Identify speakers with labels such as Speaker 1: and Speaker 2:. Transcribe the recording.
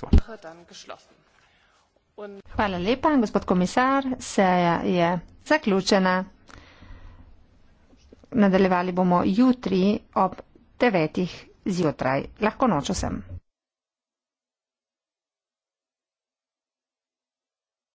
Speaker 1: predsedstvo.
Speaker 2: Hvala lepa, gospod komisar. Seja je zaključena. Nadaljevali bomo jutri ob devetih zjutraj. Lahko noč vsem.